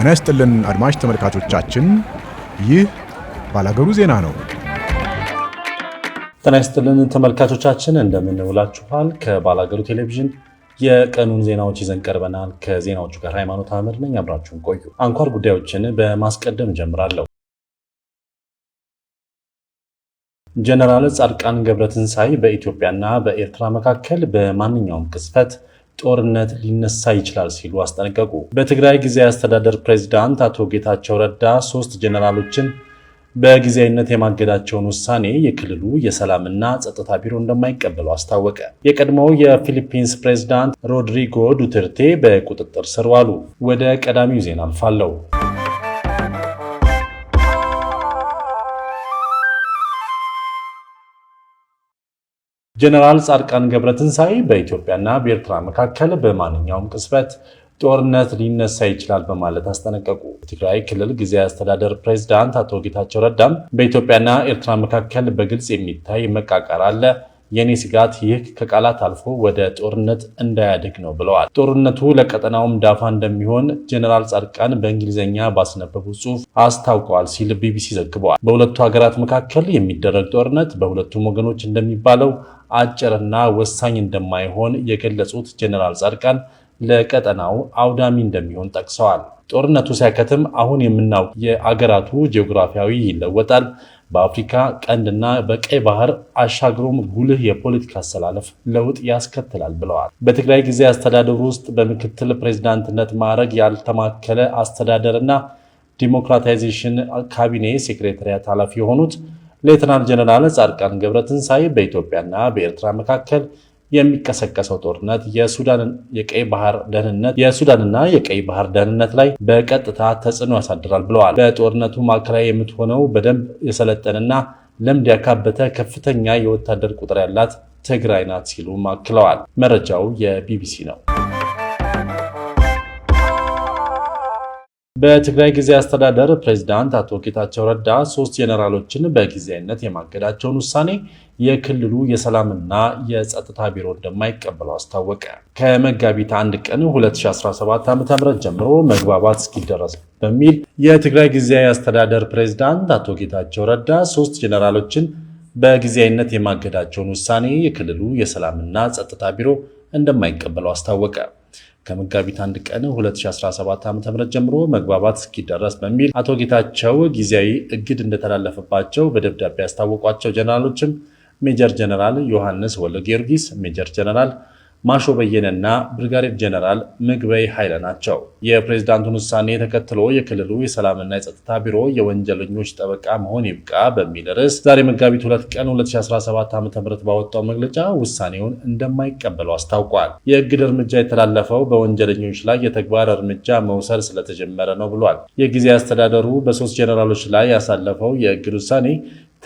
ጤና ይስጥልን አድማጭ ተመልካቾቻችን፣ ይህ ባላገሩ ዜና ነው። ጤና ይስጥልን ተመልካቾቻችን፣ እንደምንውላችኋል። ከባላገሩ ቴሌቪዥን የቀኑን ዜናዎች ይዘን ቀርበናል። ከዜናዎቹ ጋር ሃይማኖት አህመድ ነኝ። አብራችሁን ቆዩ። አንኳር ጉዳዮችን በማስቀደም ጀምራለሁ። ጀነራል ጻድቃን ገብረትንሳኤ በኢትዮጵያና በኤርትራ መካከል በማንኛውም ቅስፈት ጦርነት ሊነሳ ይችላል ሲሉ አስጠነቀቁ። በትግራይ ጊዜያዊ አስተዳደር ፕሬዚዳንት አቶ ጌታቸው ረዳ ሶስት ጀነራሎችን በጊዜያዊነት የማገዳቸውን ውሳኔ የክልሉ የሰላምና ጸጥታ ቢሮ እንደማይቀበሉ አስታወቀ። የቀድሞው የፊሊፒንስ ፕሬዝዳንት ሮድሪጎ ዱቴርቴ በቁጥጥር ስር ዋሉ። ወደ ቀዳሚው ዜና አልፋለሁ። ጀነራል ጻድቃን ገብረትንሳኤ በኢትዮጵያና በኤርትራ መካከል በማንኛውም ቅስበት ጦርነት ሊነሳ ይችላል በማለት አስጠነቀቁ። ትግራይ ክልል ጊዜያዊ አስተዳደር ፕሬዚዳንት አቶ ጌታቸው ረዳም በኢትዮጵያና ኤርትራ መካከል በግልጽ የሚታይ መቃቀር አለ። የኔ ስጋት ይህ ከቃላት አልፎ ወደ ጦርነት እንዳያድግ ነው ብለዋል። ጦርነቱ ለቀጠናውም ዳፋ እንደሚሆን ጀነራል ጻድቃን በእንግሊዝኛ ባስነበቡ ጽሑፍ አስታውቀዋል ሲል ቢቢሲ ዘግበዋል። በሁለቱ ሀገራት መካከል የሚደረግ ጦርነት በሁለቱም ወገኖች እንደሚባለው አጭርና ወሳኝ እንደማይሆን የገለጹት ጀኔራል ጻድቃን ለቀጠናው አውዳሚ እንደሚሆን ጠቅሰዋል። ጦርነቱ ሲያከትም አሁን የምናውቅ የአገራቱ ጂኦግራፊያዊ ይለወጣል። በአፍሪካ ቀንድና በቀይ ባህር አሻግሮም ጉልህ የፖለቲካ አሰላለፍ ለውጥ ያስከትላል ብለዋል። በትግራይ ጊዜ አስተዳደሩ ውስጥ በምክትል ፕሬዚዳንትነት ማዕረግ ያልተማከለ አስተዳደርና ዲሞክራታይዜሽን ካቢኔ ሴክሬታሪያት ኃላፊ የሆኑት ሌተናል ጀነራል ጻድቃን ገብረትንሳኤ በኢትዮጵያና በኤርትራ መካከል የሚቀሰቀሰው ጦርነት የሱዳንና የቀይ ባህር ደህንነት ላይ በቀጥታ ተጽዕኖ ያሳድራል ብለዋል። በጦርነቱ ማዕከላዊ የምትሆነው በደንብ የሰለጠንና ልምድ ያካበተ ከፍተኛ የወታደር ቁጥር ያላት ትግራይ ናት ሲሉ አክለዋል። መረጃው የቢቢሲ ነው። በትግራይ ጊዜ አስተዳደር ፕሬዚዳንት አቶ ጌታቸው ረዳ ሶስት ጀነራሎችን በጊዜያዊነት የማገዳቸውን ውሳኔ የክልሉ የሰላምና የጸጥታ ቢሮ እንደማይቀበለው አስታወቀ። ከመጋቢት አንድ ቀን 2017 ዓ.ም ጀምሮ መግባባት እስኪደረስ በሚል የትግራይ ጊዜያዊ አስተዳደር ፕሬዚዳንት አቶ ጌታቸው ረዳ ሶስት ጀነራሎችን በጊዜያዊነት የማገዳቸውን ውሳኔ የክልሉ የሰላምና ጸጥታ ቢሮ እንደማይቀበለው አስታወቀ። ከመጋቢት አንድ ቀን 2017 ዓ.ም ጀምሮ መግባባት እስኪደረስ በሚል አቶ ጌታቸው ጊዜያዊ እግድ እንደተላለፈባቸው በደብዳቤ ያስታወቋቸው ጀነራሎችም ሜጀር ጀነራል ዮሐንስ ወልደ ጊዮርጊስ፣ ሜጀር ጀነራል ማሾ በየነና ብርጋዴር ጀነራል ምግበይ ኃይለ ናቸው። የፕሬዝዳንቱን ውሳኔ ተከትሎ የክልሉ የሰላምና የጸጥታ ቢሮ የወንጀለኞች ጠበቃ መሆን ይብቃ በሚል ርዕስ ዛሬ መጋቢት ሁለት ቀን 2017 ዓ ም ባወጣው መግለጫ ውሳኔውን እንደማይቀበለው አስታውቋል። የእግድ እርምጃ የተላለፈው በወንጀለኞች ላይ የተግባር እርምጃ መውሰድ ስለተጀመረ ነው ብሏል። የጊዜ አስተዳደሩ በሶስት ጀነራሎች ላይ ያሳለፈው የእግድ ውሳኔ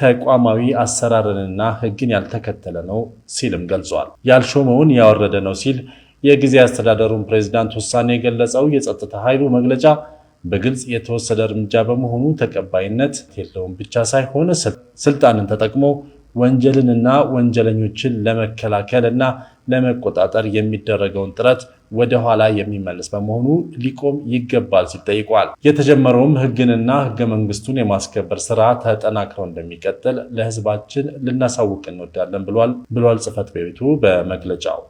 ተቋማዊ አሰራርንና ህግን ያልተከተለ ነው ሲልም ገልጿል። ያልሾመውን ያወረደ ነው ሲል የጊዜ አስተዳደሩን ፕሬዚዳንት ውሳኔ የገለጸው የጸጥታ ኃይሉ መግለጫ በግልጽ የተወሰደ እርምጃ በመሆኑ ተቀባይነት የለውም ብቻ ሳይሆን ስልጣንን ተጠቅሞ ወንጀልንና ወንጀለኞችን ለመከላከል እና ለመቆጣጠር የሚደረገውን ጥረት ወደ ኋላ የሚመልስ በመሆኑ ሊቆም ይገባል ሲል ጠይቋል። የተጀመረውም ህግንና ህገ መንግስቱን የማስከበር ስራ ተጠናክረው እንደሚቀጥል ለህዝባችን ልናሳውቅ እንወዳለን ብሏል ብሏል ጽህፈት ቤቱ በመግለጫው።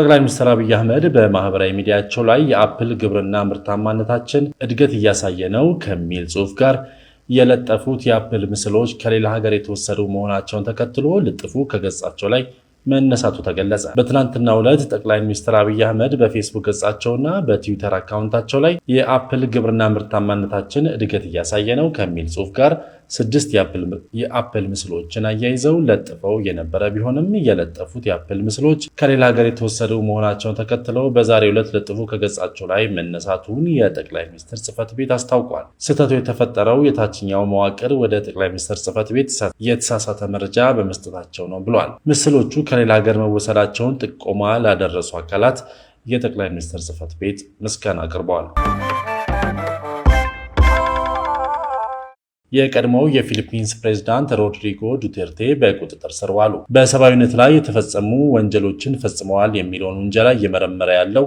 ጠቅላይ ሚኒስትር አብይ አህመድ በማህበራዊ ሚዲያቸው ላይ የአፕል ግብርና ምርታማነታችን እድገት እያሳየ ነው ከሚል ጽሁፍ ጋር የለጠፉት የአፕል ምስሎች ከሌላ ሀገር የተወሰዱ መሆናቸውን ተከትሎ ልጥፉ ከገጻቸው ላይ መነሳቱ ተገለጸ። በትናንትናው ዕለት ጠቅላይ ሚኒስትር አብይ አህመድ በፌስቡክ ገጻቸውና በትዊተር አካውንታቸው ላይ የአፕል ግብርና ምርታማነታችን እድገት እያሳየ ነው ከሚል ጽሑፍ ጋር ስድስት የአፕል ምስሎችን አያይዘው ለጥፈው የነበረ ቢሆንም የለጠፉት የአፕል ምስሎች ከሌላ ሀገር የተወሰዱ መሆናቸውን ተከትለው በዛሬው ዕለት ለጥፉ ከገጻቸው ላይ መነሳቱን የጠቅላይ ሚኒስትር ጽህፈት ቤት አስታውቋል። ስህተቱ የተፈጠረው የታችኛው መዋቅር ወደ ጠቅላይ ሚኒስትር ጽህፈት ቤት የተሳሳተ መረጃ በመስጠታቸው ነው ብሏል። ምስሎቹ ከሌላ ሀገር መወሰዳቸውን ጥቆማ ላደረሱ አካላት የጠቅላይ ሚኒስትር ጽህፈት ቤት ምስጋና አቅርበዋል። የቀድሞው የፊሊፒንስ ፕሬዝዳንት ሮድሪጎ ዱቴርቴ በቁጥጥር ስር ዋሉ። በሰብአዊነት ላይ የተፈጸሙ ወንጀሎችን ፈጽመዋል የሚለውን ውንጀላ እየመረመረ ያለው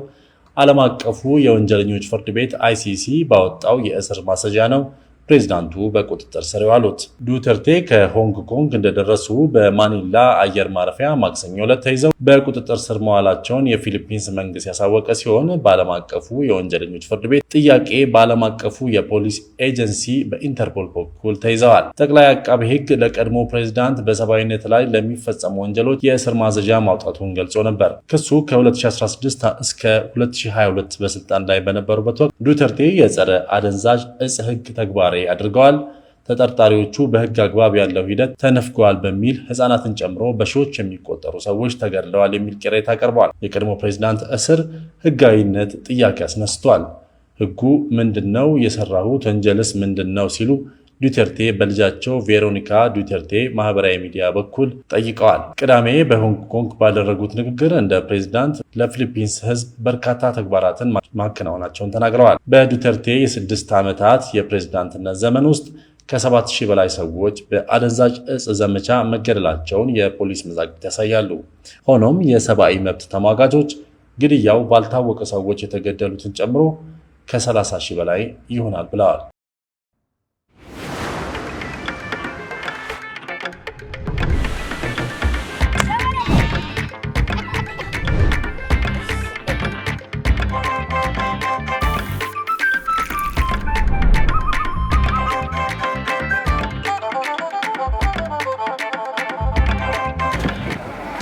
ዓለም አቀፉ የወንጀለኞች ፍርድ ቤት አይሲሲ ባወጣው የእስር ማሰጃ ነው ፕሬዚዳንቱ በቁጥጥር ስር የዋሉት ዱተርቴ ከሆንግ ኮንግ እንደደረሱ በማኒላ አየር ማረፊያ ማክሰኞ ዕለት ተይዘው በቁጥጥር ስር መዋላቸውን የፊሊፒንስ መንግስት ያሳወቀ ሲሆን በዓለም አቀፉ የወንጀለኞች ፍርድ ቤት ጥያቄ በዓለም አቀፉ የፖሊስ ኤጀንሲ በኢንተርፖል በኩል ተይዘዋል። ጠቅላይ አቃቢ ሕግ ለቀድሞ ፕሬዚዳንት በሰብአዊነት ላይ ለሚፈጸሙ ወንጀሎች የእስር ማዘዣ ማውጣቱን ገልጾ ነበር። ክሱ ከ2016 እስከ 2022 በስልጣን ላይ በነበሩበት ወቅት ዱተርቴ የጸረ አደንዛዥ እጽ ሕግ ተግባር ጥንካሬ አድርገዋል። ተጠርጣሪዎቹ በሕግ አግባብ ያለው ሂደት ተነፍገዋል በሚል ሕፃናትን ጨምሮ በሺዎች የሚቆጠሩ ሰዎች ተገድለዋል የሚል ቅሬታ ቀርበዋል። የቀድሞ ፕሬዚዳንት እስር ሕጋዊነት ጥያቄ አስነስቷል። ህጉ ምንድን ነው? የሰራሁት ወንጀልስ ምንድን ነው? ሲሉ ዱቴርቴ በልጃቸው ቬሮኒካ ዱቴርቴ ማህበራዊ ሚዲያ በኩል ጠይቀዋል። ቅዳሜ በሆንግ ኮንግ ባደረጉት ንግግር እንደ ፕሬዚዳንት ለፊሊፒንስ ሕዝብ በርካታ ተግባራትን ማከናወናቸውን ተናግረዋል። በዱተርቴ የስድስት ዓመታት የፕሬዝዳንትነት ዘመን ውስጥ ከሰባት ሺህ በላይ ሰዎች በአደንዛዥ እጽ ዘመቻ መገደላቸውን የፖሊስ መዛግብት ያሳያሉ። ሆኖም የሰብአዊ መብት ተሟጋቾች ግድያው ባልታወቀ ሰዎች የተገደሉትን ጨምሮ ከ30 ሺህ በላይ ይሆናል ብለዋል።